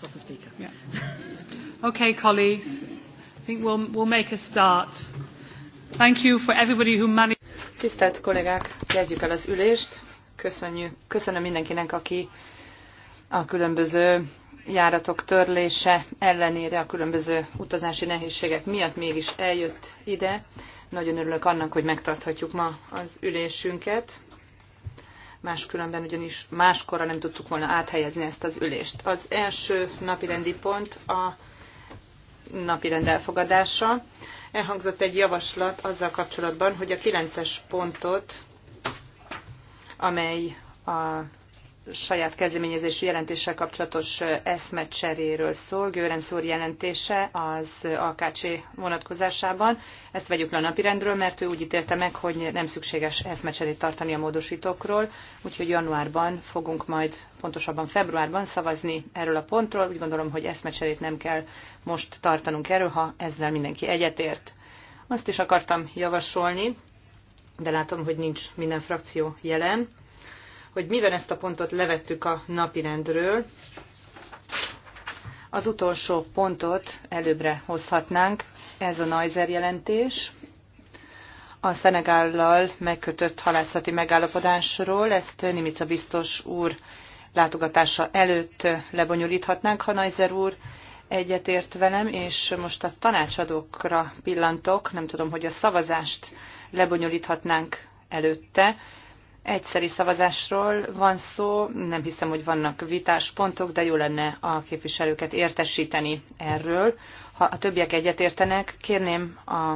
That's off the speaker. Yeah. okay, colleagues, I think we'll, we'll make a start. Thank you for everybody who managed. Tisztelt kollégák, kezdjük el az ülést. Köszönjük, köszönöm mindenkinek, aki a különböző járatok törlése ellenére a különböző utazási nehézségek miatt mégis eljött ide. Nagyon örülök annak, hogy megtarthatjuk ma az ülésünket máskülönben ugyanis máskorra nem tudtuk volna áthelyezni ezt az ülést. Az első napirendi pont a napirend elfogadása. Elhangzott egy javaslat azzal kapcsolatban, hogy a 9-es pontot, amely a saját kezdeményezésű jelentéssel kapcsolatos eszmecseréről szól, Görenc úr jelentése az AKC vonatkozásában. Ezt vegyük le a napirendről, mert ő úgy ítélte meg, hogy nem szükséges eszmecserét tartani a módosítókról, úgyhogy januárban fogunk majd, pontosabban februárban szavazni erről a pontról. Úgy gondolom, hogy eszmecserét nem kell most tartanunk erről, ha ezzel mindenki egyetért. Azt is akartam javasolni, de látom, hogy nincs minden frakció jelen hogy mivel ezt a pontot levettük a napirendről, az utolsó pontot előbbre hozhatnánk. Ez a Neuser jelentés a Szenegállal megkötött halászati megállapodásról. Ezt Nimica biztos úr látogatása előtt lebonyolíthatnánk, ha Neuser úr egyetért velem, és most a tanácsadókra pillantok, nem tudom, hogy a szavazást lebonyolíthatnánk előtte, egyszeri szavazásról van szó, nem hiszem, hogy vannak vitás pontok, de jó lenne a képviselőket értesíteni erről. Ha a többiek egyetértenek, kérném a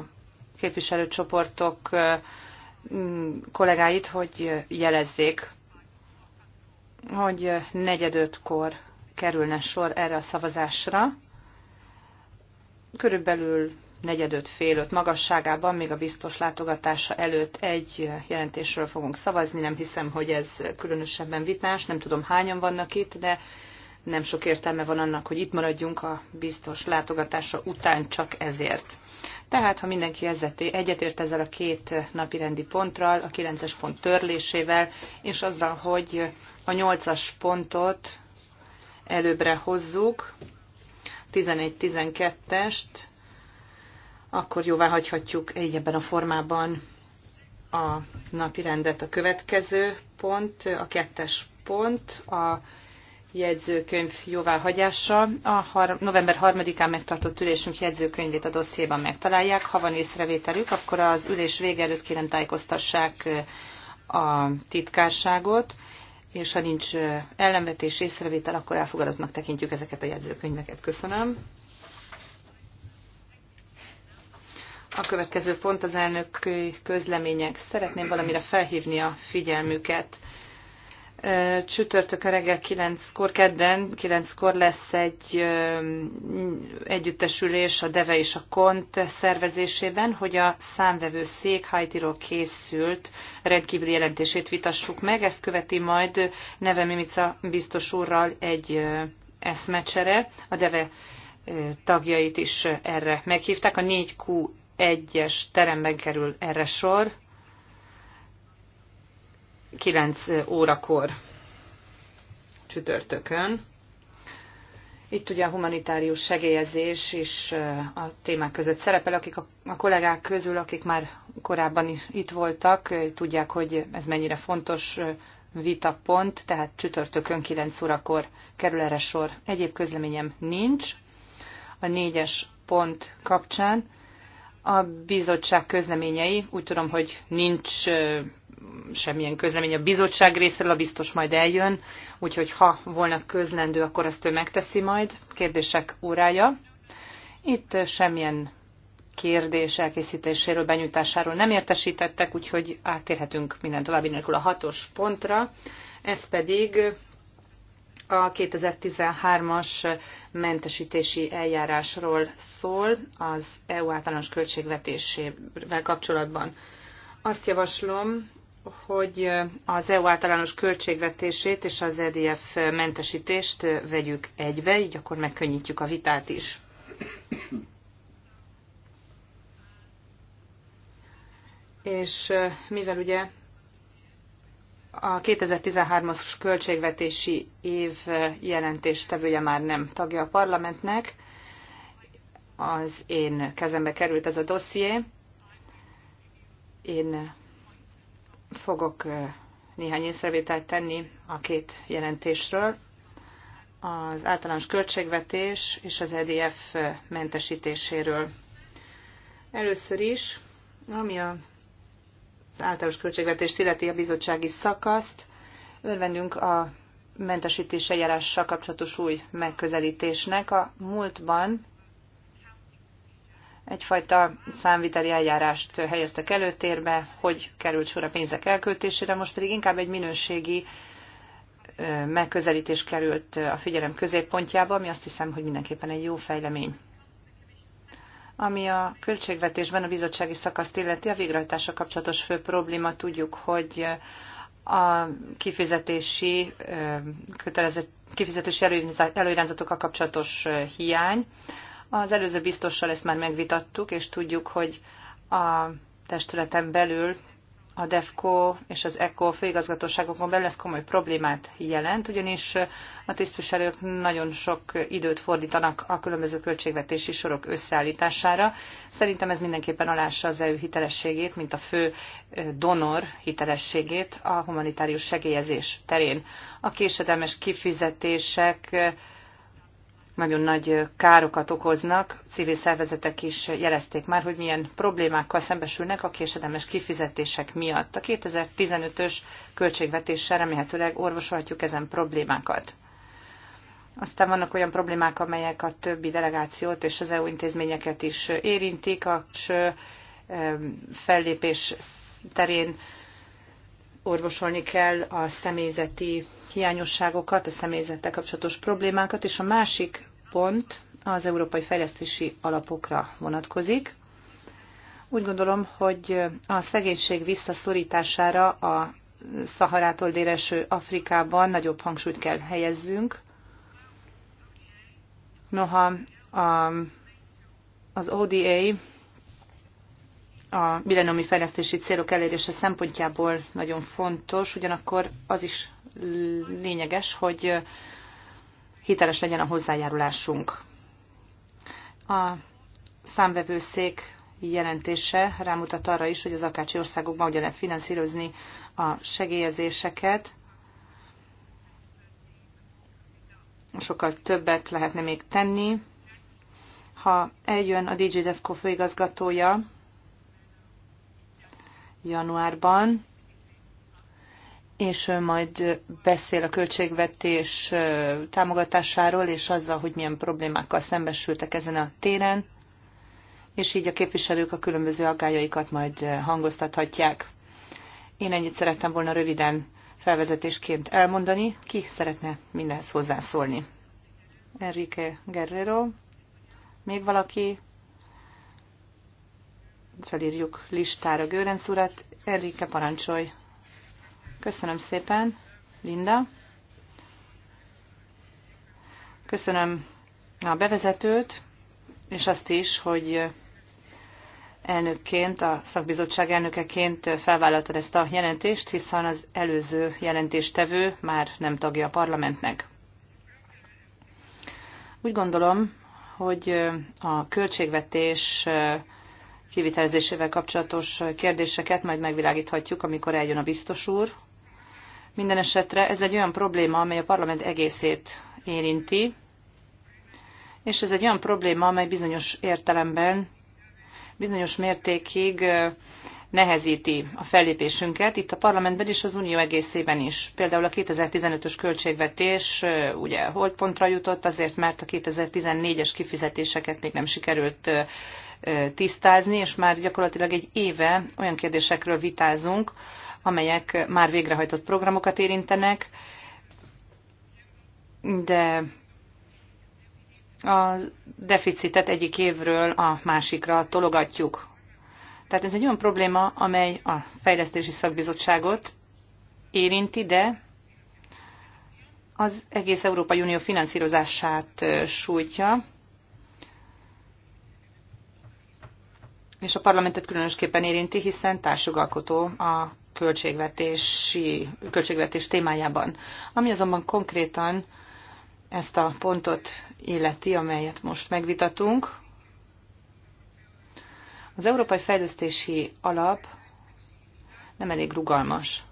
képviselőcsoportok mm, kollégáit, hogy jelezzék, hogy negyedötkor kerülne sor erre a szavazásra. Körülbelül negyedöt fél öt magasságában, még a biztos látogatása előtt egy jelentésről fogunk szavazni. Nem hiszem, hogy ez különösebben vitás, nem tudom hányan vannak itt, de nem sok értelme van annak, hogy itt maradjunk a biztos látogatása után csak ezért. Tehát, ha mindenki ezzeté, egyetért ezzel a két napi rendi pontral, a 9-es pont törlésével, és azzal, hogy a 8-as pontot előbbre hozzuk, 11-12-est, akkor jóvá hagyhatjuk így ebben a formában a napi rendet. A következő pont, a kettes pont, a jegyzőkönyv jóváhagyása. A november 3-án megtartott ülésünk jegyzőkönyvét a dossziéban megtalálják. Ha van észrevételük, akkor az ülés vége előtt kérem tájékoztassák eh, a titkárságot, és ha nincs eh, ellenvetés észrevétel, akkor elfogadottnak tekintjük ezeket a jegyzőkönyveket. Köszönöm. A következő pont az elnök közlemények. Szeretném valamire felhívni a figyelmüket. a reggel 9-kor, kedden 9-kor lesz egy együttesülés a DEVE és a KONT szervezésében, hogy a számvevőszék Haitiról készült rendkívüli jelentését vitassuk meg. Ezt követi majd Neve Mimica biztos úrral egy eszmecsere. A DEVE tagjait is erre meghívták. A 4Q egyes teremben kerül erre sor, 9 órakor csütörtökön. Itt ugye a humanitárius segélyezés is a témák között szerepel, akik a, a kollégák közül, akik már korábban is itt voltak, tudják, hogy ez mennyire fontos vitapont, tehát csütörtökön 9 órakor kerül erre sor. Egyéb közleményem nincs. A négyes pont kapcsán a bizottság közleményei, úgy tudom, hogy nincs semmilyen közlemény a bizottság részéről, a biztos majd eljön, úgyhogy ha volna közlendő, akkor ezt ő megteszi majd, kérdések órája. Itt semmilyen kérdés elkészítéséről, benyújtásáról nem értesítettek, úgyhogy áttérhetünk minden további nélkül a hatos pontra. Ez pedig a 2013-as mentesítési eljárásról szól az EU általános költségvetésével kapcsolatban. Azt javaslom, hogy az EU általános költségvetését és az EDF mentesítést vegyük egybe, így akkor megkönnyítjük a vitát is. És mivel ugye a 2013-as költségvetési év jelentéstevője már nem tagja a parlamentnek. Az én kezembe került ez a dosszié. Én fogok néhány észrevételt tenni a két jelentésről. Az általános költségvetés és az EDF mentesítéséről. Először is, ami a az általános költségvetést illeti a bizottsági szakaszt. Örvendünk a mentesítés eljárással kapcsolatos új megközelítésnek. A múltban egyfajta számviteli eljárást helyeztek előtérbe, hogy került sor a pénzek elköltésére, most pedig inkább egy minőségi megközelítés került a figyelem középpontjába, ami azt hiszem, hogy mindenképpen egy jó fejlemény. Ami a költségvetésben a bizottsági szakaszt illeti, a végrehajtása kapcsolatos fő probléma tudjuk, hogy a kifizetési, kifizetési előirányzatokkal kapcsolatos hiány. Az előző biztossal ezt már megvitattuk, és tudjuk, hogy a testületen belül a DEFCO és az ECO főigazgatóságokon belül ez komoly problémát jelent, ugyanis a tisztviselők nagyon sok időt fordítanak a különböző költségvetési sorok összeállítására. Szerintem ez mindenképpen alássa az EU hitelességét, mint a fő donor hitelességét a humanitárius segélyezés terén. A késedelmes kifizetések nagyon nagy károkat okoznak. Civil szervezetek is jelezték már, hogy milyen problémákkal szembesülnek a késedelmes kifizetések miatt. A 2015-ös költségvetéssel remélhetőleg orvosolhatjuk ezen problémákat. Aztán vannak olyan problémák, amelyek a többi delegációt és az EU intézményeket is érintik, a fellépés terén orvosolni kell a személyzeti hiányosságokat, a személyzettel kapcsolatos problémákat, és a másik pont az európai fejlesztési alapokra vonatkozik. Úgy gondolom, hogy a szegénység visszaszorítására a Szaharától déleső Afrikában nagyobb hangsúlyt kell helyezzünk. Noha a, az ODA a millenomi fejlesztési célok elérése szempontjából nagyon fontos, ugyanakkor az is lényeges, hogy hiteles legyen a hozzájárulásunk. A számvevőszék jelentése rámutat arra is, hogy az akácsi országokban hogyan lehet finanszírozni a segélyezéseket. Sokkal többet lehetne még tenni. Ha eljön a DJ Defco főigazgatója januárban, és majd beszél a költségvetés támogatásáról, és azzal, hogy milyen problémákkal szembesültek ezen a téren, és így a képviselők a különböző aggájaikat majd hangoztathatják. Én ennyit szerettem volna röviden felvezetésként elmondani. Ki szeretne mindenhez hozzászólni? Enrique Guerrero. Még valaki? Felírjuk listára Gőrenc urat. Enrique, parancsolj! Köszönöm szépen, Linda. Köszönöm a bevezetőt, és azt is, hogy elnökként, a szakbizottság elnökeként felvállaltad ezt a jelentést, hiszen az előző jelentéstevő már nem tagja a parlamentnek. Úgy gondolom, hogy a költségvetés kivitelezésével kapcsolatos kérdéseket majd megvilágíthatjuk, amikor eljön a biztos úr, minden esetre ez egy olyan probléma, amely a parlament egészét érinti, és ez egy olyan probléma, amely bizonyos értelemben, bizonyos mértékig nehezíti a fellépésünket, itt a parlamentben is, az unió egészében is. Például a 2015-ös költségvetés ugye holdpontra jutott, azért mert a 2014-es kifizetéseket még nem sikerült tisztázni, és már gyakorlatilag egy éve olyan kérdésekről vitázunk, amelyek már végrehajtott programokat érintenek, de a deficitet egyik évről a másikra tologatjuk. Tehát ez egy olyan probléma, amely a fejlesztési szakbizottságot érinti, de az egész Európai Unió finanszírozását sújtja, és a parlamentet különösképpen érinti, hiszen társjogalkotó a költségvetési, költségvetés témájában. Ami azonban konkrétan ezt a pontot illeti, amelyet most megvitatunk, az Európai Fejlesztési Alap nem elég rugalmas.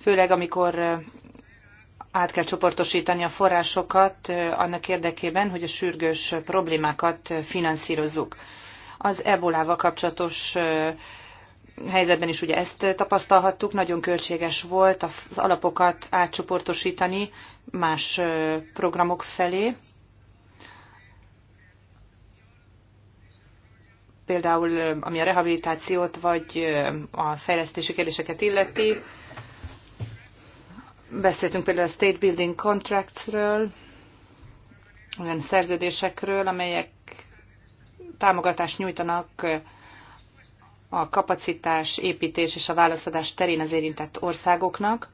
Főleg, amikor át kell csoportosítani a forrásokat annak érdekében, hogy a sürgős problémákat finanszírozzuk. Az ebolával kapcsolatos helyzetben is ugye ezt tapasztalhattuk, nagyon költséges volt az alapokat átcsoportosítani más programok felé. Például ami a rehabilitációt vagy a fejlesztési kérdéseket illeti, beszéltünk például a State Building Contracts-ről, olyan szerződésekről, amelyek támogatást nyújtanak a kapacitás, építés és a válaszadás terén az érintett országoknak.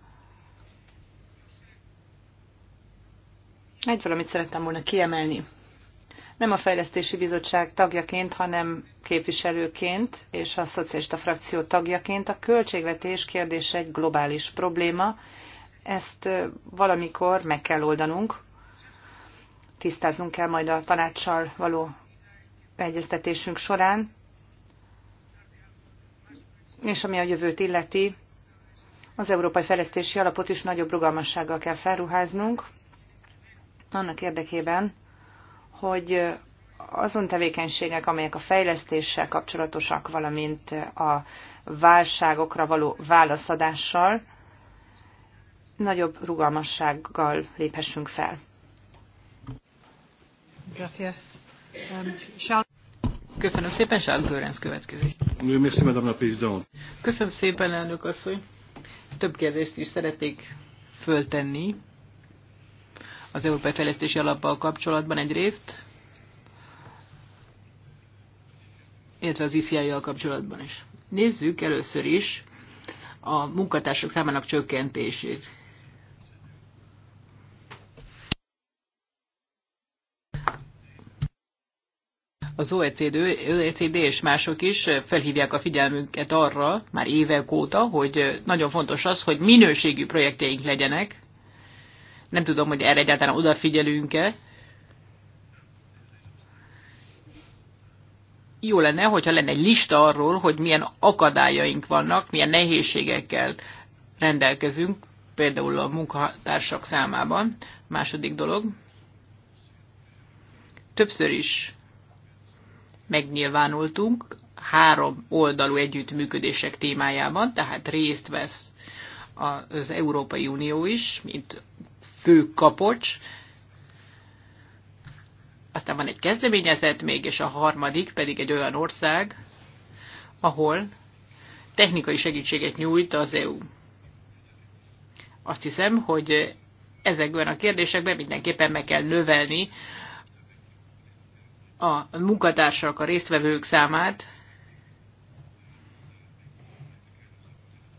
Egy valamit szerettem volna kiemelni. Nem a Fejlesztési Bizottság tagjaként, hanem képviselőként és a szocialista frakció tagjaként a költségvetés kérdése egy globális probléma. Ezt valamikor meg kell oldanunk, tisztáznunk kell majd a tanácssal való egyeztetésünk során, és ami a jövőt illeti, az Európai Fejlesztési Alapot is nagyobb rugalmassággal kell felruháznunk, annak érdekében, hogy azon tevékenységek, amelyek a fejlesztéssel kapcsolatosak, valamint a válságokra való válaszadással, nagyobb rugalmassággal léphessünk fel. Gracias. Um, Köszönöm szépen, Charles Görens következik. Merci, Madame la Présidente. Köszönöm szépen, elnök asszony. Több kérdést is szeretnék föltenni az Európai Fejlesztési Alappal kapcsolatban egyrészt, illetve az ICI-jal kapcsolatban is. Nézzük először is a munkatársak számának csökkentését. az OECD, OECD és mások is felhívják a figyelmünket arra, már évek óta, hogy nagyon fontos az, hogy minőségű projektjeink legyenek. Nem tudom, hogy erre egyáltalán odafigyelünk-e. Jó lenne, hogyha lenne egy lista arról, hogy milyen akadályaink vannak, milyen nehézségekkel rendelkezünk, például a munkatársak számában. Második dolog. Többször is megnyilvánultunk három oldalú együttműködések témájában, tehát részt vesz az Európai Unió is, mint fő kapocs. Aztán van egy kezdeményezet még, és a harmadik pedig egy olyan ország, ahol technikai segítséget nyújt az EU. Azt hiszem, hogy ezekben a kérdésekben mindenképpen meg kell növelni a munkatársak, a résztvevők számát,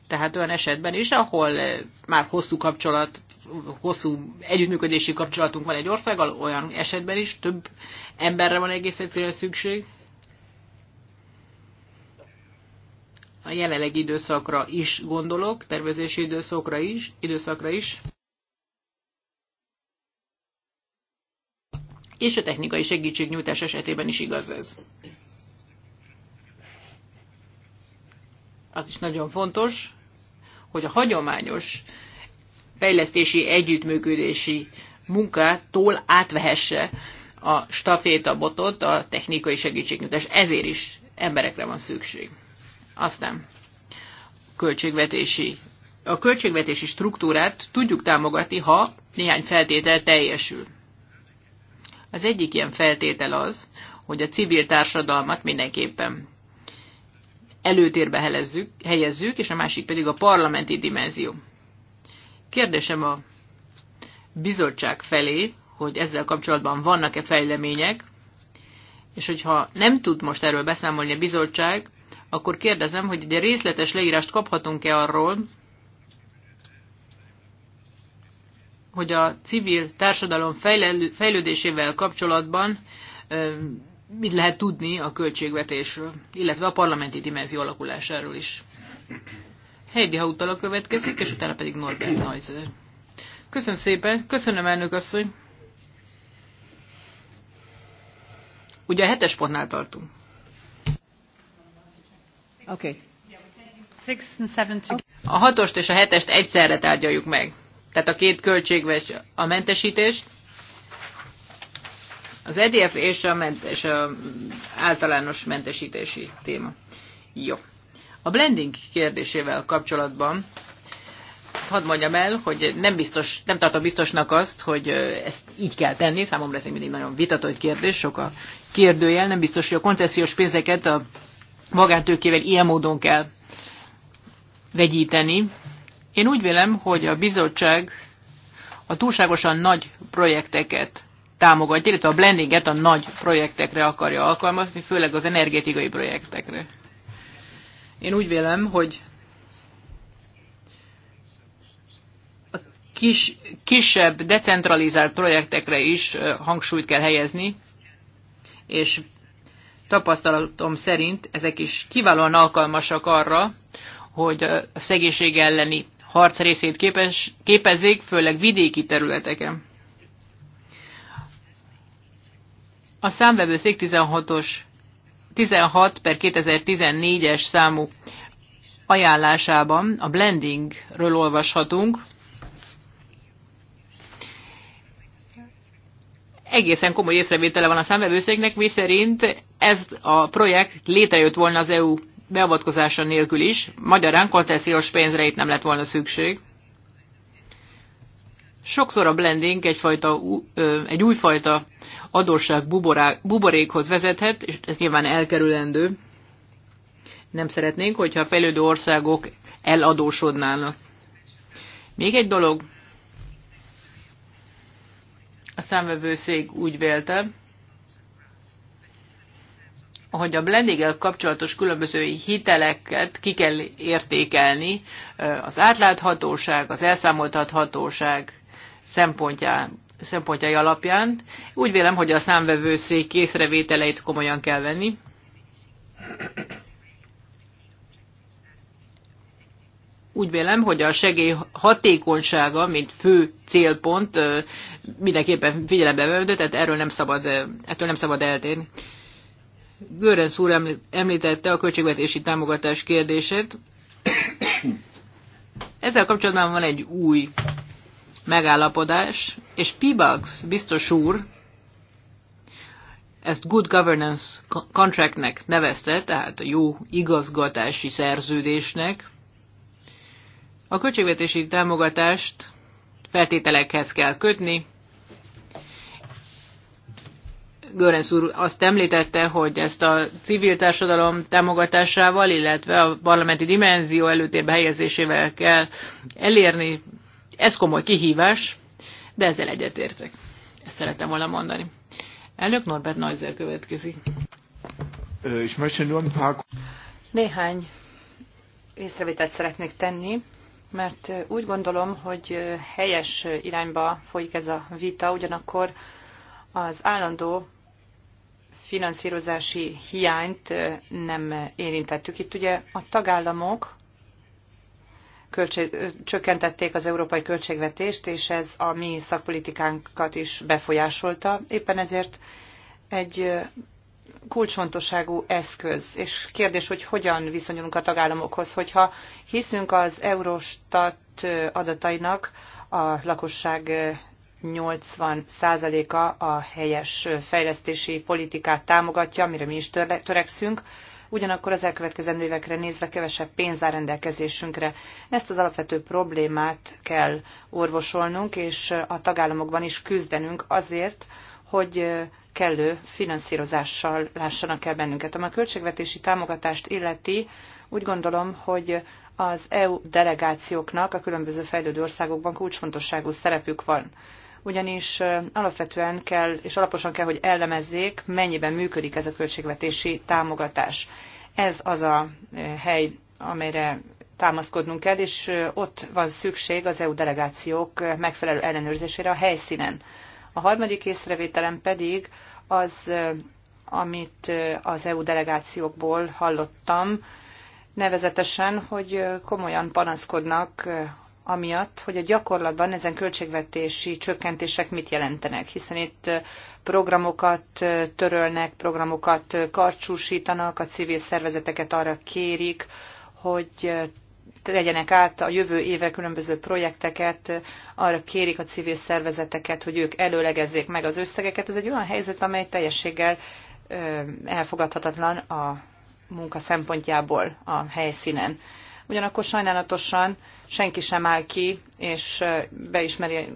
tehát olyan esetben is, ahol eh, már hosszú kapcsolat, hosszú együttműködési kapcsolatunk van egy országgal, olyan esetben is több emberre van egész egyszerűen szükség. A jelenlegi időszakra is gondolok, tervezési időszakra is, időszakra is. és a technikai segítségnyújtás esetében is igaz ez. Az is nagyon fontos, hogy a hagyományos fejlesztési együttműködési munkától átvehesse a stafétabotot a technikai segítségnyújtás. Ezért is emberekre van szükség. Aztán költségvetési. A költségvetési struktúrát tudjuk támogatni, ha néhány feltétel teljesül. Az egyik ilyen feltétel az, hogy a civil társadalmat mindenképpen előtérbe helyezzük, helyezzük, és a másik pedig a parlamenti dimenzió. Kérdésem a bizottság felé, hogy ezzel kapcsolatban vannak-e fejlemények, és hogyha nem tud most erről beszámolni a bizottság, akkor kérdezem, hogy egy részletes leírást kaphatunk-e arról, hogy a civil társadalom fejlődésével kapcsolatban mit lehet tudni a költségvetésről, illetve a parlamenti dimenzió alakulásáról is. Heidi Hautala következik, és utána pedig Norbert Neuser. Köszönöm szépen, köszönöm elnök asszony. Ugye a hetes pontnál tartunk. Oké. Okay. A hatost és a hetest egyszerre tárgyaljuk meg tehát a két költségves a mentesítést, az EDF és a, ment, és a általános mentesítési téma. Jó. A blending kérdésével kapcsolatban hadd mondjam el, hogy nem, biztos, nem tartom biztosnak azt, hogy ezt így kell tenni. Számomra ez egy mindig nagyon vitatott kérdés, sok a kérdőjel. Nem biztos, hogy a koncesziós pénzeket a magántőkével ilyen módon kell vegyíteni. Én úgy vélem, hogy a bizottság a túlságosan nagy projekteket támogatja, illetve a blendinget a nagy projektekre akarja alkalmazni, főleg az energetikai projektekre. Én úgy vélem, hogy a kis, kisebb, decentralizált projektekre is hangsúlyt kell helyezni, és tapasztalatom szerint ezek is kiválóan alkalmasak arra, hogy a szegénység elleni harc részét képes, képezik, főleg vidéki területeken. A számvevőszék 16-os 16 per 2014-es számú ajánlásában a blendingről olvashatunk. Egészen komoly észrevétele van a számvevőszéknek, miszerint ez a projekt létrejött volna az EU beavatkozása nélkül is. Magyarán koncesziós pénzre itt nem lett volna szükség. Sokszor a blending egyfajta, egy újfajta adósság buborá, buborékhoz vezethet, és ez nyilván elkerülendő. Nem szeretnénk, hogyha a fejlődő országok eladósodnának. Még egy dolog. A számvevőszék úgy vélte, hogy a blendinggel kapcsolatos különböző hiteleket ki kell értékelni, az átláthatóság, az elszámoltathatóság szempontjá, szempontjai alapján. Úgy vélem, hogy a számvevőszék észrevételeit komolyan kell venni. Úgy vélem, hogy a segély hatékonysága, mint fő célpont mindenképpen figyelembe vevődött, tehát erről nem szabad, ettől nem szabad eltérni. Görenc úr említette a költségvetési támogatás kérdését. Ezzel kapcsolatban van egy új megállapodás, és Pibax biztos úr ezt Good Governance Contractnek nevezte, tehát a jó igazgatási szerződésnek. A költségvetési támogatást feltételekhez kell kötni, Görens úr azt említette, hogy ezt a civil társadalom támogatásával, illetve a parlamenti dimenzió előtérbe helyezésével kell elérni. Ez komoly kihívás, de ezzel egyetértek. Ezt szeretem volna mondani. Elnök Norbert Neuser következik. És Néhány észrevételt szeretnék tenni, mert úgy gondolom, hogy helyes irányba folyik ez a vita, ugyanakkor az állandó finanszírozási hiányt nem érintettük. Itt ugye a tagállamok csökkentették az európai költségvetést, és ez a mi szakpolitikánkat is befolyásolta. Éppen ezért egy kulcsfontosságú eszköz, és kérdés, hogy hogyan viszonyulunk a tagállamokhoz, hogyha hiszünk az Eurostat adatainak, a lakosság 80%-a a helyes fejlesztési politikát támogatja, amire mi is törekszünk, ugyanakkor az elkövetkezendő évekre nézve kevesebb pénz áll rendelkezésünkre. Ezt az alapvető problémát kell orvosolnunk, és a tagállamokban is küzdenünk azért, hogy kellő finanszírozással lássanak el bennünket. Ami a költségvetési támogatást illeti, úgy gondolom, hogy az EU delegációknak a különböző fejlődő országokban kulcsfontosságú szerepük van ugyanis alapvetően kell és alaposan kell, hogy ellemezzék, mennyiben működik ez a költségvetési támogatás. Ez az a hely, amelyre támaszkodnunk kell, és ott van szükség az EU delegációk megfelelő ellenőrzésére a helyszínen. A harmadik észrevételem pedig az, amit az EU delegációkból hallottam, nevezetesen, hogy komolyan panaszkodnak amiatt, hogy a gyakorlatban ezen költségvetési csökkentések mit jelentenek, hiszen itt eh, programokat eh, törölnek, programokat eh, karcsúsítanak, a civil szervezeteket arra kérik, hogy tegyenek át a jövő évre különböző projekteket, arra kérik a civil szervezeteket, hogy ők előlegezzék meg az összegeket. Ez egy olyan helyzet, amely teljességgel elfogadhatatlan a munka szempontjából a helyszínen ugyanakkor sajnálatosan senki sem áll ki, és, beismeri,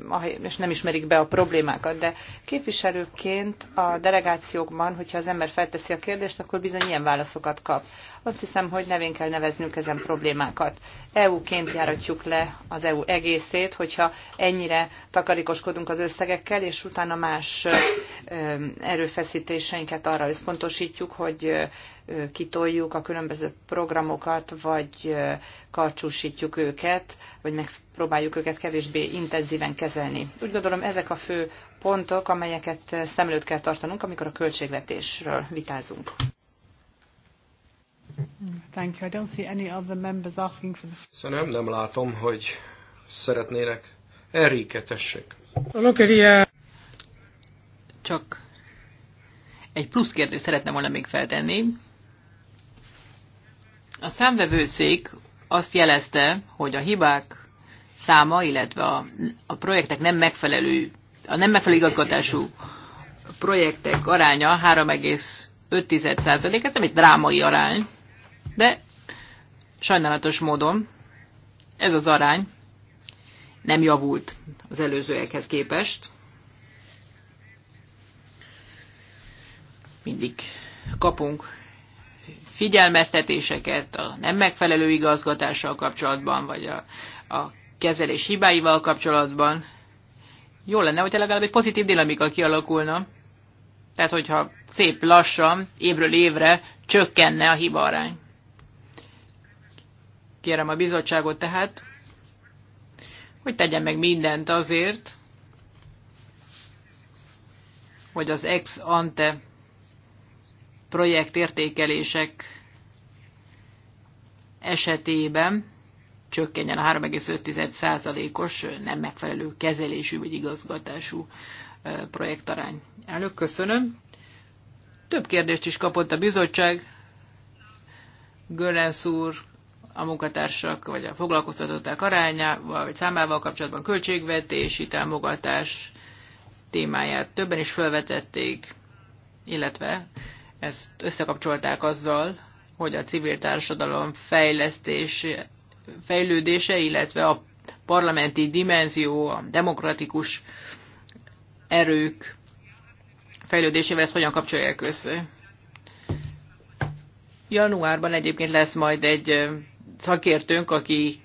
és nem ismerik be a problémákat. De képviselőként a delegációkban, hogyha az ember felteszi a kérdést, akkor bizony ilyen válaszokat kap. Azt hiszem, hogy nevén kell neveznünk ezen problémákat. EU-ként járatjuk le az EU egészét, hogyha ennyire takarékoskodunk az összegekkel, és utána más erőfeszítéseinket arra összpontosítjuk, hogy kitoljuk a különböző programokat, vagy karcsúsítjuk őket, vagy megpróbáljuk őket kevésbé intenzíven kezelni. Úgy gondolom ezek a fő pontok, amelyeket szem előtt kell tartanunk, amikor a költségvetésről vitázunk. Thank you. I don't see any members asking for the... Szerintem nem látom, hogy szeretnének. Enrique, tessék. Csak egy plusz kérdést szeretném volna még feltenni. A számvevőszék azt jelezte, hogy a hibák száma, illetve a, a projektek nem megfelelő, a nem megfelelő igazgatású projektek aránya 3,5%. Ez nem egy drámai arány, de sajnálatos módon ez az arány nem javult az előzőekhez képest. Mindig kapunk figyelmeztetéseket a nem megfelelő igazgatással kapcsolatban, vagy a, a kezelés hibáival kapcsolatban. Jó lenne, hogyha legalább egy pozitív dinamika kialakulna. Tehát, hogyha szép lassan, évről évre csökkenne a arány. Kérem a bizottságot tehát, hogy tegyen meg mindent azért, hogy az ex ante projektértékelések esetében csökkenjen a 3,5%-os nem megfelelő kezelésű vagy igazgatású projektarány. Elnök, köszönöm. Több kérdést is kapott a bizottság. Gölens úr a munkatársak vagy a foglalkoztatották arányával vagy számával kapcsolatban költségvetési támogatás témáját többen is felvetették, illetve ezt összekapcsolták azzal, hogy a civil társadalom fejlesztés, fejlődése, illetve a parlamenti dimenzió, a demokratikus erők fejlődésével ezt hogyan kapcsolják össze. Januárban egyébként lesz majd egy szakértőnk, aki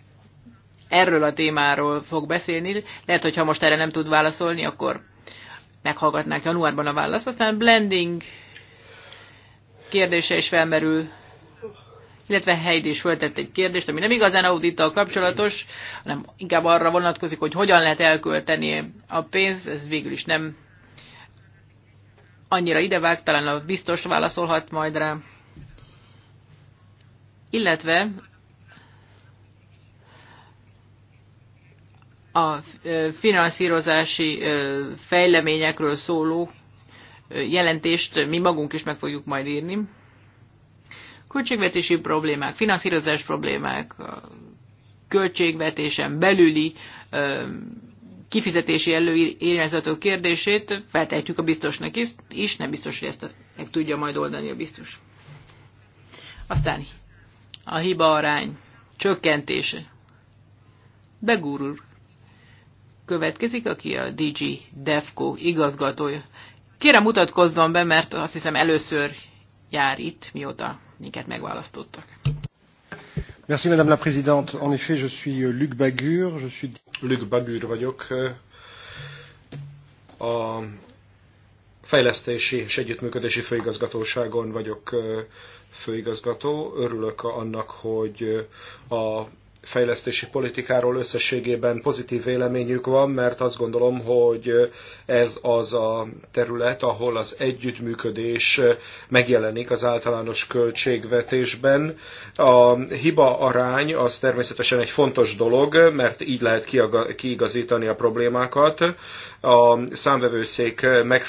erről a témáról fog beszélni. Lehet, hogy ha most erre nem tud válaszolni, akkor meghallgatnák januárban a választ. Aztán blending kérdése is felmerül, illetve Heidi is föltett egy kérdést, ami nem igazán audittal kapcsolatos, hanem inkább arra vonatkozik, hogy hogyan lehet elkölteni a pénzt, ez végül is nem annyira idevág, talán a biztos válaszolhat majd rá. Illetve a finanszírozási fejleményekről szóló jelentést mi magunk is meg fogjuk majd írni. Költségvetési problémák, finanszírozás problémák, költségvetésen belüli kifizetési előirányzatok kérdését feltehetjük a biztosnak is, és nem biztos, hogy ezt meg tudja majd oldani a biztos. Aztán a hiba arány csökkentése. begurul következik, aki a DG DEFCO igazgatója. Kérem mutatkozzon be, mert azt hiszem először jár itt, mióta minket megválasztottak. Merci Madame la Présidente. En effet, je suis euh, Luc Bagur. Je suis... Luc Bagur vagyok. Euh, a fejlesztési és együttműködési főigazgatóságon vagyok euh, főigazgató. Örülök annak, hogy a fejlesztési politikáról összességében pozitív véleményük van, mert azt gondolom, hogy ez az a terület, ahol az együttműködés megjelenik az általános költségvetésben. A hiba arány az természetesen egy fontos dolog, mert így lehet kiigazítani a problémákat. A számvevőszék meg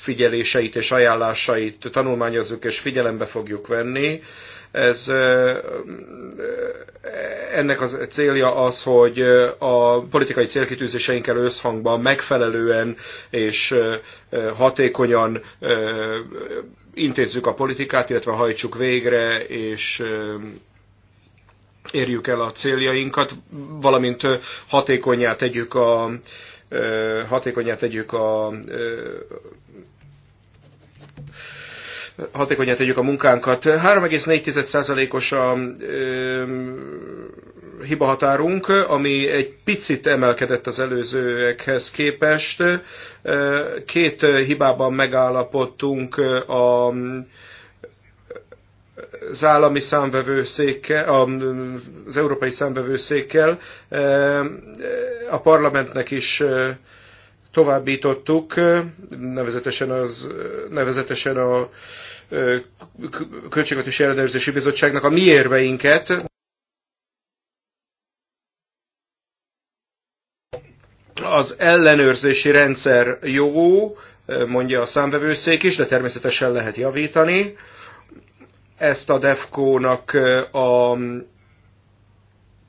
figyeléseit és ajánlásait tanulmányozzuk és figyelembe fogjuk venni ez, ennek az célja az, hogy a politikai célkitűzéseinkkel összhangban megfelelően és hatékonyan intézzük a politikát, illetve hajtsuk végre, és érjük el a céljainkat, valamint hatékonyá tegyük a hatékonyá tegyük a hatékonyá tegyük a munkánkat. 3,4%-os a hibahatárunk, ami egy picit emelkedett az előzőekhez képest. Két hibában megállapodtunk a az állami számvevőszékkel, az európai számvevőszékkel, a parlamentnek is továbbítottuk, nevezetesen, az, nevezetesen a Költségvetési Ellenőrzési Bizottságnak a mi érveinket, az ellenőrzési rendszer jó, mondja a számvevőszék is, de természetesen lehet javítani. Ezt a DEFCO-nak a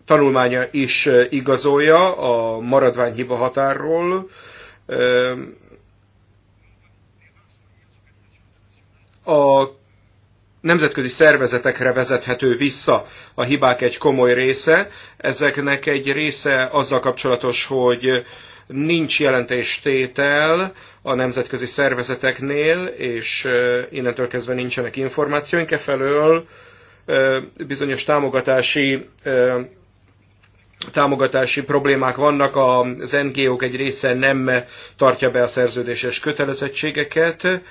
tanulmánya is igazolja a maradványhiba határról, a nemzetközi szervezetekre vezethető vissza a hibák egy komoly része. Ezeknek egy része azzal kapcsolatos, hogy nincs jelentéstétel a nemzetközi szervezeteknél, és innentől kezdve nincsenek információink. E felől bizonyos támogatási támogatási problémák vannak, az NGO-k egy része nem tartja be a szerződéses kötelezettségeket,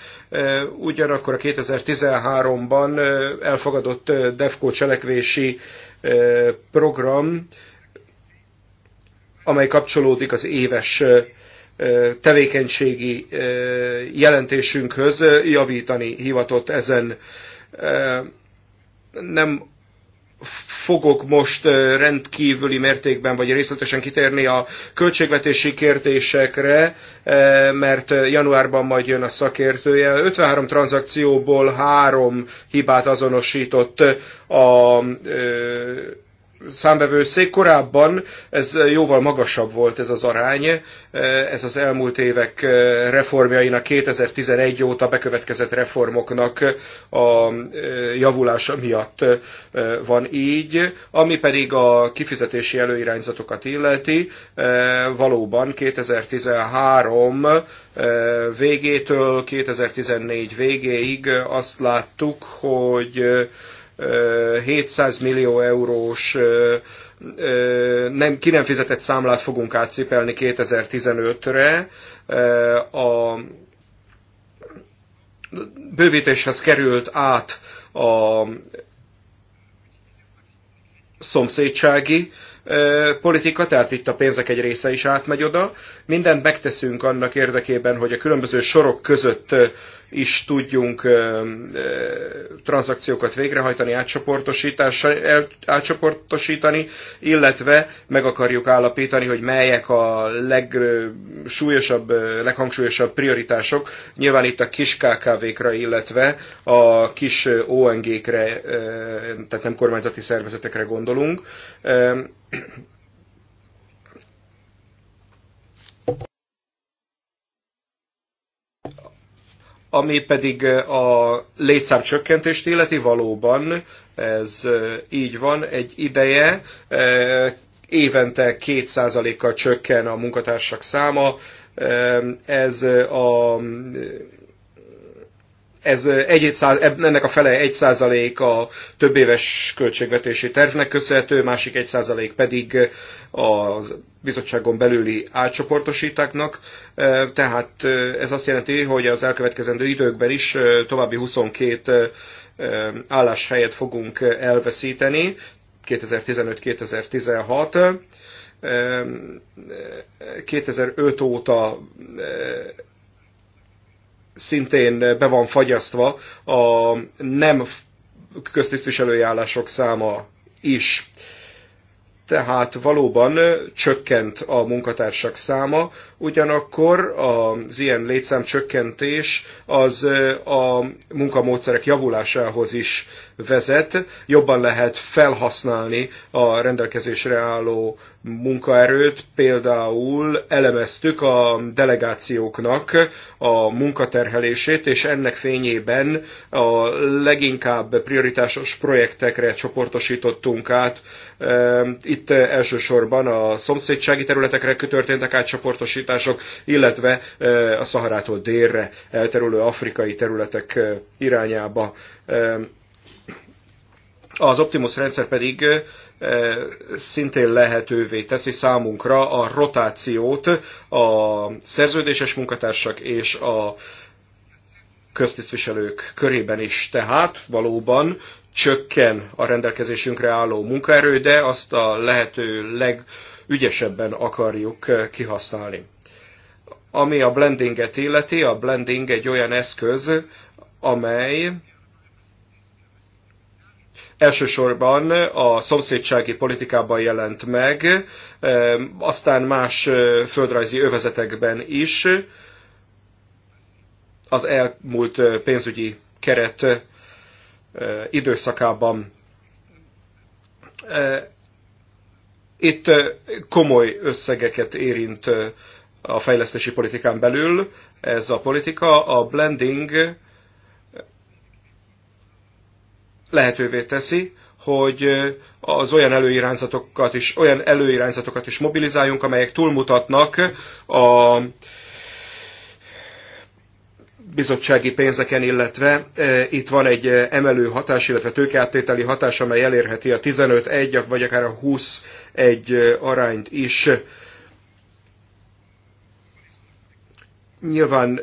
ugyanakkor a 2013-ban elfogadott DEFCO cselekvési program, amely kapcsolódik az éves tevékenységi jelentésünkhöz javítani hivatott ezen. Nem fogok most rendkívüli mértékben vagy részletesen kitérni a költségvetési kérdésekre, mert januárban majd jön a szakértője. 53 tranzakcióból három hibát azonosított a számbevőszék. Korábban ez jóval magasabb volt ez az arány, ez az elmúlt évek reformjainak, 2011 óta bekövetkezett reformoknak a javulása miatt van így, ami pedig a kifizetési előirányzatokat illeti, valóban 2013 végétől 2014 végéig azt láttuk, hogy 700 millió eurós nem, ki nem fizetett számlát fogunk átcipelni 2015-re. A bővítéshez került át a szomszédsági politika, tehát itt a pénzek egy része is átmegy oda. Mindent megteszünk annak érdekében, hogy a különböző sorok között is tudjunk ö, ö, tranzakciókat végrehajtani, átcsoportosítani, illetve meg akarjuk állapítani, hogy melyek a legsúlyosabb, leghangsúlyosabb prioritások. Nyilván itt a kis KKV-kra, illetve a kis ONG-kre, tehát nem kormányzati szervezetekre gondolunk. Ö, Ami pedig a létszám csökkentést illeti, valóban ez így van, egy ideje, évente 2%-kal csökken a munkatársak száma, ez a ez egy, ennek a fele 1% a több éves költségvetési tervnek köszönhető, másik 1% pedig a bizottságon belüli átcsoportosítáknak. Tehát ez azt jelenti, hogy az elkövetkezendő időkben is további 22 álláshelyet fogunk elveszíteni, 2015-2016. 2005 óta szintén be van fagyasztva a nem köztisztviselői állások száma is tehát valóban csökkent a munkatársak száma, ugyanakkor az ilyen csökkentés az a munkamódszerek javulásához is vezet, jobban lehet felhasználni a rendelkezésre álló munkaerőt, például elemeztük a delegációknak a munkaterhelését, és ennek fényében a leginkább prioritásos projektekre csoportosítottunk át. Itt itt eh, elsősorban a szomszédsági területekre történtek átcsoportosítások, illetve eh, a Szaharától délre elterülő afrikai területek eh, irányába. Az Optimus rendszer pedig szintén lehetővé teszi számunkra a rotációt a szerződéses munkatársak és a köztisztviselők körében is. Tehát valóban csökken a rendelkezésünkre álló munkaerő, de azt a lehető legügyesebben akarjuk eh, kihasználni. Ami a blendinget illeti, a blending egy olyan eszköz, amely elsősorban a szomszédsági politikában jelent meg, eh, aztán más eh, földrajzi övezetekben is, az elmúlt pénzügyi keret időszakában. Itt komoly összegeket érint a fejlesztési politikán belül ez a politika. A blending lehetővé teszi, hogy az olyan előirányzatokat is, olyan előirányzatokat is mobilizáljunk, amelyek túlmutatnak a bizottsági pénzeken, illetve e, itt van egy e, emelő hatás, illetve tőkeáttételi hatás, amely elérheti a 15-1, vagy akár a 20-1 e, arányt is. Nyilván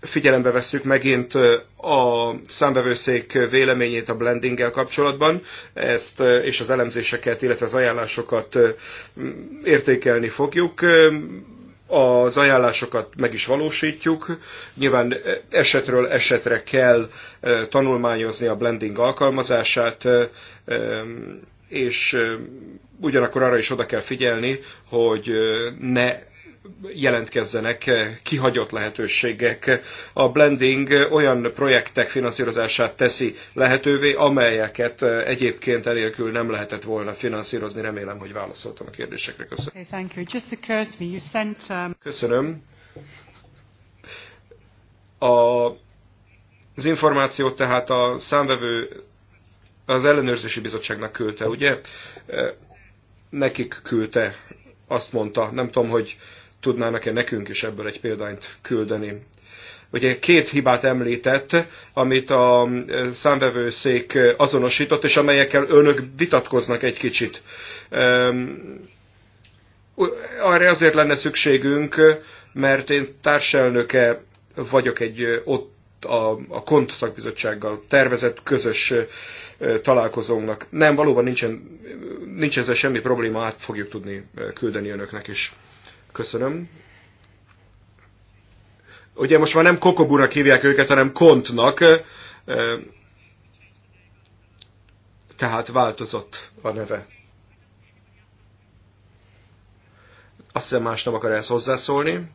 figyelembe vesszük megint a számvevőszék véleményét a blendinggel kapcsolatban, ezt és az elemzéseket, illetve az ajánlásokat értékelni fogjuk az ajánlásokat meg is valósítjuk. Nyilván eh, esetről esetre kell eh, tanulmányozni a blending alkalmazását, eh, és ugyanakkor arra is oda kell figyelni, hogy ne jelentkezzenek eh, kihagyott lehetőségek. A blending olyan projektek finanszírozását teszi lehetővé, amelyeket eh, egyébként enélkül nem lehetett volna finanszírozni. Remélem, hogy válaszoltam a kérdésekre. Köszönöm. Okay, thank you. Just occurs me, you sent, um... Köszönöm. A, az információt tehát a számvevő az ellenőrzési bizottságnak küldte, ugye? Eh, nekik küldte, azt mondta. Nem tudom, hogy tudnának-e nekünk is ebből egy példányt küldeni. Ugye két hibát említett, amit a számvevőszék azonosított, és amelyekkel önök vitatkoznak egy kicsit. Arra azért lenne szükségünk, mert én társelnöke vagyok egy ott a, a KONT szakbizottsággal tervezett közös találkozónknak. Nem, valóban nincsen, nincs ezzel semmi probléma, át fogjuk tudni küldeni önöknek is. Köszönöm. Ugye most már nem Kokobunak hívják őket, hanem Kontnak. Tehát változott a neve. Azt hiszem más nem akar ezt hozzászólni.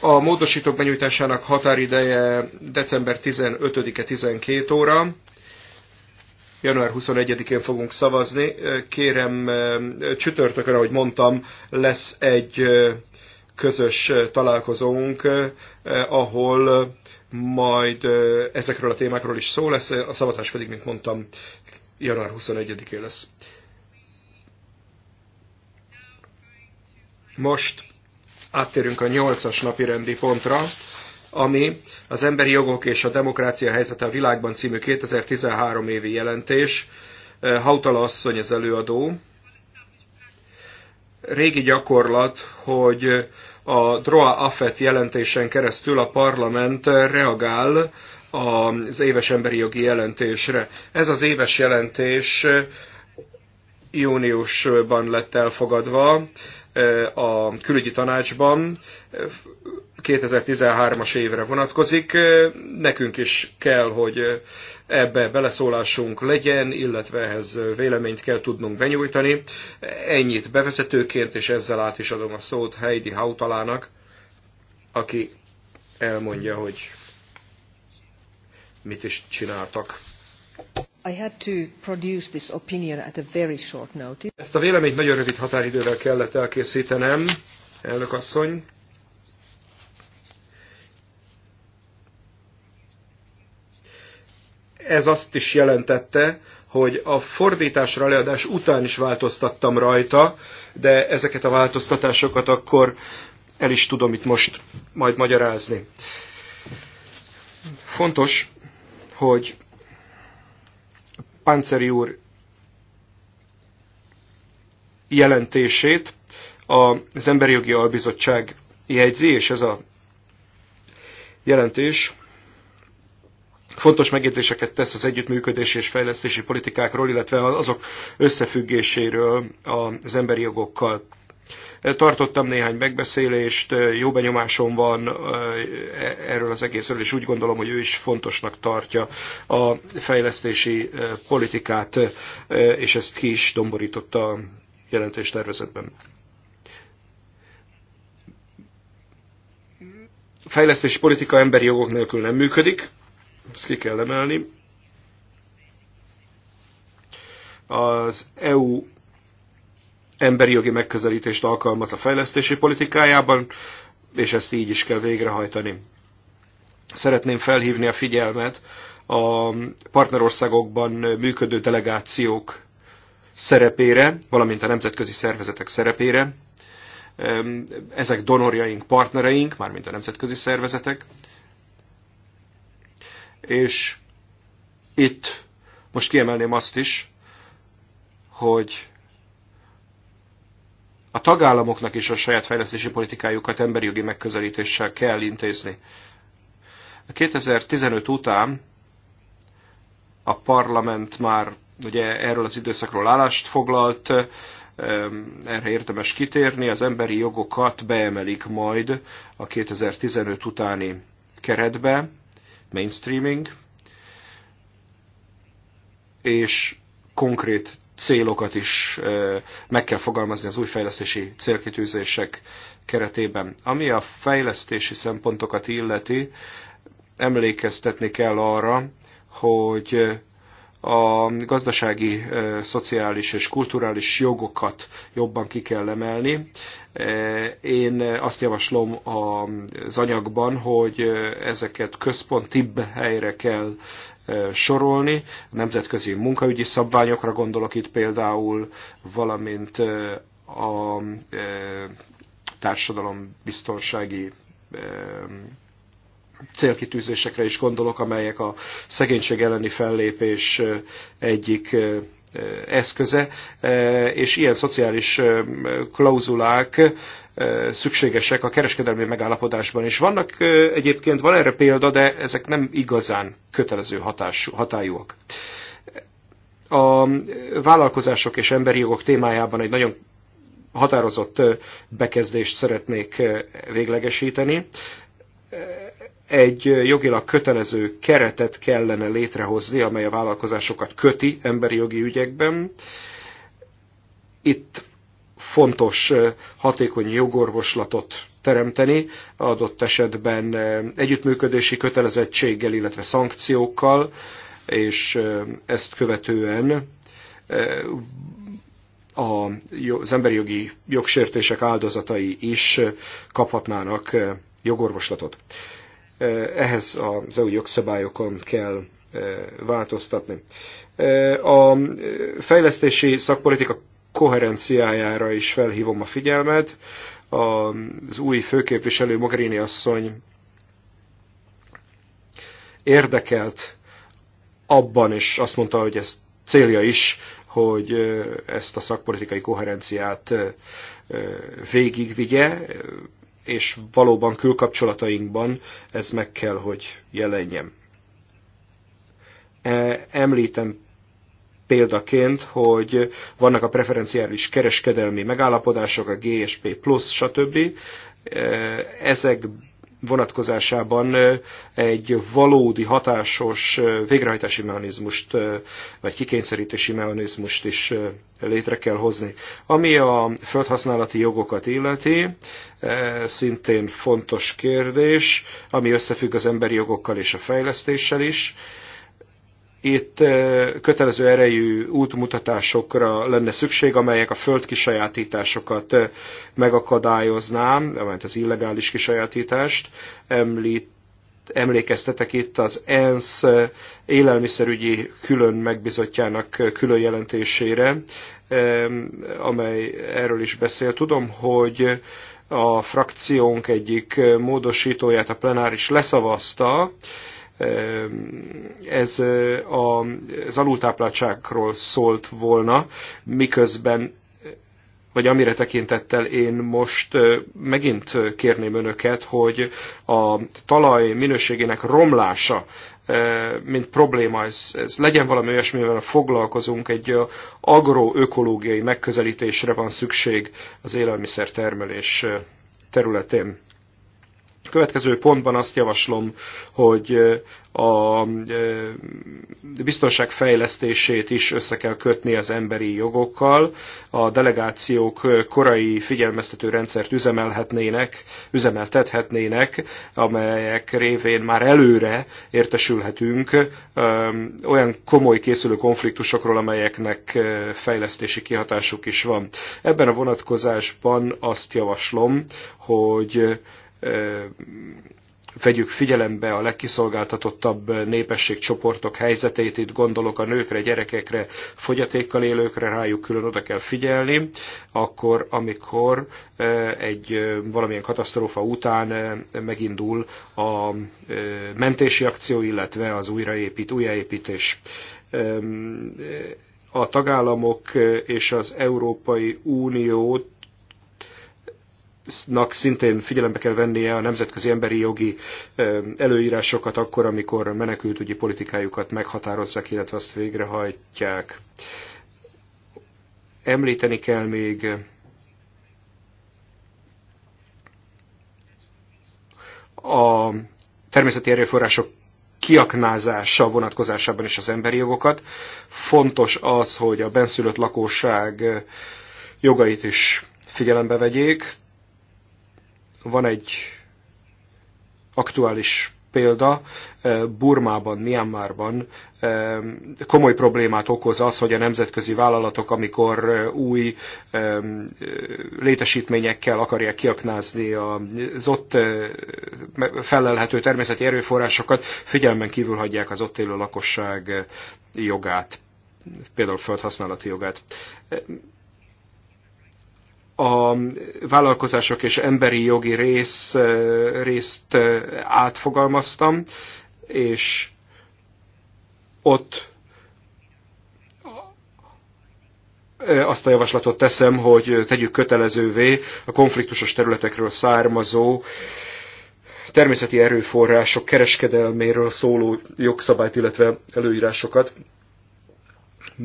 A módosítók benyújtásának határideje december 15-e 12 óra január 21-én fogunk szavazni. Kérem, csütörtökön, ahogy mondtam, lesz egy közös találkozónk, ahol majd ezekről a témákról is szó lesz, a szavazás pedig, mint mondtam, január 21-én lesz. Most áttérünk a 8-as napi rendi pontra, ami az Emberi Jogok és a Demokrácia helyzete a világban című 2013 évi jelentés. Eh, Hautala asszony az előadó. Régi gyakorlat, hogy a DROA AFET jelentésen keresztül a parlament reagál az éves emberi jogi jelentésre. Ez az éves jelentés júniusban lett elfogadva, a külügyi tanácsban 2013-as évre vonatkozik. Nekünk is kell, hogy ebbe beleszólásunk legyen, illetve ehhez véleményt kell tudnunk benyújtani. Ennyit bevezetőként, és ezzel át is adom a szót Heidi Hautalának, aki elmondja, hogy mit is csináltak. Ezt a véleményt nagyon rövid határidővel kellett elkészítenem, elnök asszony. Ez azt is jelentette, hogy a fordításra leadás után is változtattam rajta, de ezeket a változtatásokat akkor el is tudom itt most majd magyarázni. Fontos, hogy Panceri úr jelentését az Emberi Jogi Albizottság jegyzi, és ez a jelentés fontos megjegyzéseket tesz az együttműködés és fejlesztési politikákról, illetve azok összefüggéséről az emberi jogokkal. Tartottam néhány megbeszélést, jó benyomásom van erről az egészről, és úgy gondolom, hogy ő is fontosnak tartja a fejlesztési politikát, és ezt ki is domborította a jelentéstervezetben. Fejlesztési politika emberi jogok nélkül nem működik, ezt ki kell emelni. Az EU emberi jogi megközelítést alkalmaz a fejlesztési politikájában, és ezt így is kell végrehajtani. Szeretném felhívni a figyelmet a partnerországokban működő delegációk szerepére, valamint a nemzetközi szervezetek szerepére. Ezek donorjaink, partnereink, mármint a nemzetközi szervezetek. És itt most kiemelném azt is, hogy a tagállamoknak is a saját fejlesztési politikájukat emberi jogi megközelítéssel kell intézni. A 2015 után a parlament már ugye erről az időszakról állást foglalt, erre érdemes kitérni, az emberi jogokat beemelik majd a 2015 utáni keretbe, mainstreaming, és konkrét célokat is meg kell fogalmazni az új fejlesztési célkitűzések keretében. Ami a fejlesztési szempontokat illeti, emlékeztetni kell arra, hogy a gazdasági, szociális és kulturális jogokat jobban ki kell emelni. Én azt javaslom az anyagban, hogy ezeket központibb helyre kell sorolni. A nemzetközi munkaügyi szabványokra gondolok itt például, valamint a társadalombiztonsági célkitűzésekre is gondolok, amelyek a szegénység elleni fellépés egyik eszköze, és ilyen szociális klauzulák szükségesek a kereskedelmi megállapodásban is. Vannak egyébként, van erre példa, de ezek nem igazán kötelező hatású, hatályúak. A vállalkozások és emberi jogok témájában egy nagyon határozott bekezdést szeretnék véglegesíteni egy jogilag kötelező keretet kellene létrehozni, amely a vállalkozásokat köti emberi jogi ügyekben. Itt fontos hatékony jogorvoslatot teremteni, adott esetben együttműködési kötelezettséggel, illetve szankciókkal, és ezt követően az emberi jogi jogsértések áldozatai is kaphatnának jogorvoslatot ehhez az EU jogszabályokon kell változtatni. A fejlesztési szakpolitika koherenciájára is felhívom a figyelmet. Az új főképviselő Mogherini asszony érdekelt abban, és azt mondta, hogy ez célja is, hogy ezt a szakpolitikai koherenciát végigvigye, és valóban külkapcsolatainkban ez meg kell, hogy jelenjen. E, említem példaként, hogy vannak a preferenciális kereskedelmi megállapodások, a GSP+, stb. E, ezek vonatkozásában egy valódi hatásos végrehajtási mechanizmust, vagy kikényszerítési mechanizmust is létre kell hozni. Ami a földhasználati jogokat illeti, szintén fontos kérdés, ami összefügg az emberi jogokkal és a fejlesztéssel is. Itt kötelező erejű útmutatásokra lenne szükség, amelyek a föld kisajátításokat megakadályoznám, amelyet az illegális kisajátítást említ, emlékeztetek itt az ENSZ élelmiszerügyi külön megbizotjának külön jelentésére, amely erről is beszél. Tudom, hogy a frakciónk egyik módosítóját a plenáris leszavazta, ez az alultápláltságról szólt volna, miközben vagy amire tekintettel én most megint kérném önöket, hogy a talaj minőségének romlása, mint probléma, ez, ez legyen valami olyasmivel foglalkozunk, egy agroökológiai megközelítésre van szükség az élelmiszer termelés területén következő pontban azt javaslom, hogy a biztonság fejlesztését is össze kell kötni az emberi jogokkal. A delegációk korai figyelmeztető rendszert üzemelhetnének, üzemeltethetnének, amelyek révén már előre értesülhetünk olyan komoly készülő konfliktusokról, amelyeknek fejlesztési kihatásuk is van. Ebben a vonatkozásban azt javaslom, hogy vegyük figyelembe a legkiszolgáltatottabb népességcsoportok helyzetét, itt gondolok a nőkre, gyerekekre, fogyatékkal élőkre, rájuk külön oda kell figyelni, akkor amikor egy valamilyen katasztrófa után megindul a mentési akció, illetve az újraépít, újjáépítés a tagállamok és az Európai Unió nak szintén figyelembe kell vennie a nemzetközi emberi jogi előírásokat akkor, amikor menekültügyi politikájukat meghatározzák, illetve azt végrehajtják. Említeni kell még a természeti erőforrások kiaknázása vonatkozásában is az emberi jogokat. Fontos az, hogy a benszülött lakosság jogait is figyelembe vegyék. Van egy aktuális példa, eh, Burmában, Myanmarban eh, komoly problémát okoz az, hogy a nemzetközi vállalatok, amikor eh, új létesítményekkel akarják kiaknázni az ott felelhető természeti erőforrásokat, figyelmen kívül hagyják az ott élő lakosság jogát, például földhasználati jogát a vállalkozások és emberi jogi rész, részt átfogalmaztam, és ott azt a javaslatot teszem, hogy tegyük kötelezővé a konfliktusos területekről származó természeti erőforrások kereskedelméről szóló jogszabályt, illetve előírásokat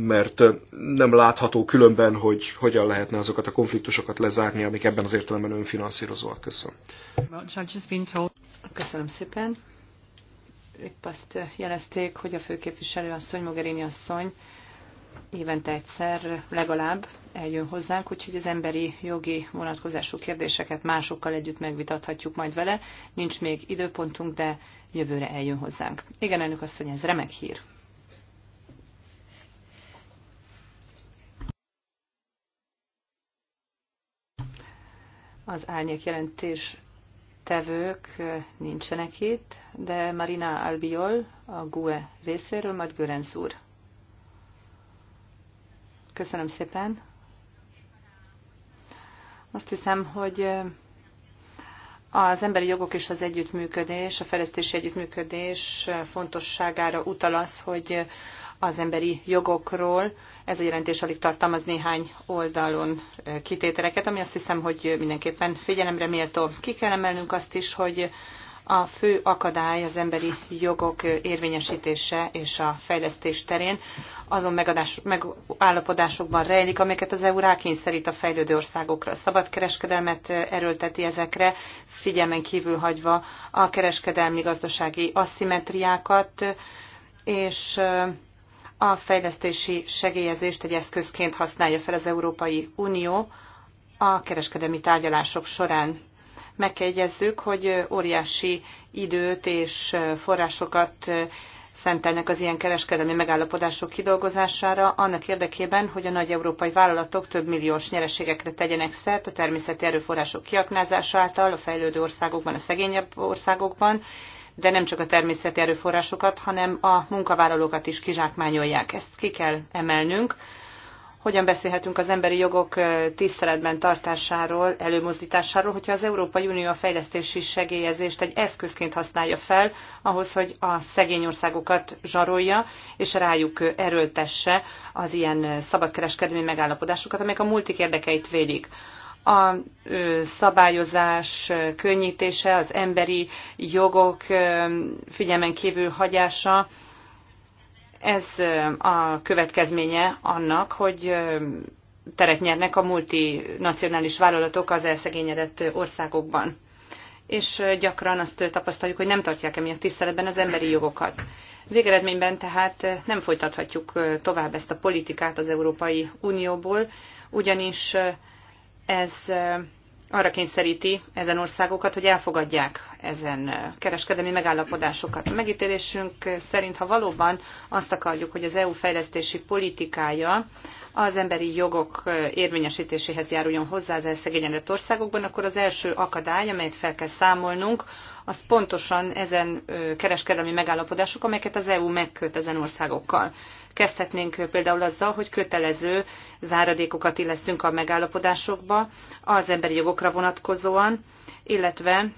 mert nem látható különben, hogy hogyan lehetne azokat a konfliktusokat lezárni, amik ebben az értelemben önfinanszírozóak. Köszönöm. Köszönöm szépen. Épp azt jelezték, hogy a főképviselő asszony, Mogherini asszony évente egyszer legalább eljön hozzánk, úgyhogy az emberi jogi vonatkozású kérdéseket másokkal együtt megvitathatjuk majd vele. Nincs még időpontunk, de jövőre eljön hozzánk. Igen, elnök asszony, ez remek hír. Az árnyék jelentés tevők nincsenek itt, de Marina Albiol a GUE részéről, majd Görenc úr. Köszönöm szépen. Azt hiszem, hogy az emberi jogok és az együttműködés, a fejlesztési együttműködés fontosságára utal az, hogy az emberi jogokról. Ez a jelentés alig tartalmaz néhány oldalon kitételeket, ami azt hiszem, hogy mindenképpen figyelemre méltó. Ki kell emelnünk azt is, hogy a fő akadály az emberi jogok érvényesítése és a fejlesztés terén azon megadás, megállapodásokban rejlik, amiket az EU rákényszerít a fejlődő országokra. Szabad kereskedelmet erőlteti ezekre, figyelmen kívül hagyva a kereskedelmi gazdasági asszimetriákat, és a fejlesztési segélyezést egy eszközként használja fel az Európai Unió a kereskedelmi tárgyalások során. Meg kell jegyezzük, hogy óriási időt és forrásokat szentelnek az ilyen kereskedelmi megállapodások kidolgozására, annak érdekében, hogy a nagy európai vállalatok több milliós nyereségekre tegyenek szert a természeti erőforrások kiaknázása által a fejlődő országokban, a szegényebb országokban, de nem csak a természeti erőforrásokat, hanem a munkavállalókat is kizsákmányolják. Ezt ki kell emelnünk. Hogyan beszélhetünk az emberi jogok tiszteletben tartásáról, előmozdításáról, hogyha az Európai Unió a fejlesztési segélyezést egy eszközként használja fel ahhoz, hogy a szegény országokat zsarolja, és rájuk erőltesse az ilyen szabadkereskedelmi megállapodásokat, amelyek a multik érdekeit védik a szabályozás könnyítése, az emberi jogok figyelmen kívül hagyása, ez a következménye annak, hogy teret nyernek a multinacionális vállalatok az elszegényedett országokban. És gyakran azt tapasztaljuk, hogy nem tartják emiatt tiszteletben az emberi jogokat. Végeredményben tehát nem folytathatjuk tovább ezt a politikát az Európai Unióból, ugyanis ez arra kényszeríti ezen országokat, hogy elfogadják ezen kereskedelmi megállapodásokat. A megítélésünk szerint, ha valóban azt akarjuk, hogy az EU fejlesztési politikája az emberi jogok érvényesítéséhez járuljon hozzá az elszegényedett országokban, akkor az első akadály, amelyet fel kell számolnunk, az pontosan ezen kereskedelmi megállapodások, amelyeket az EU megköt ezen országokkal. Kezdhetnénk például azzal, hogy kötelező záradékokat illesztünk a megállapodásokba az emberi jogokra vonatkozóan, illetve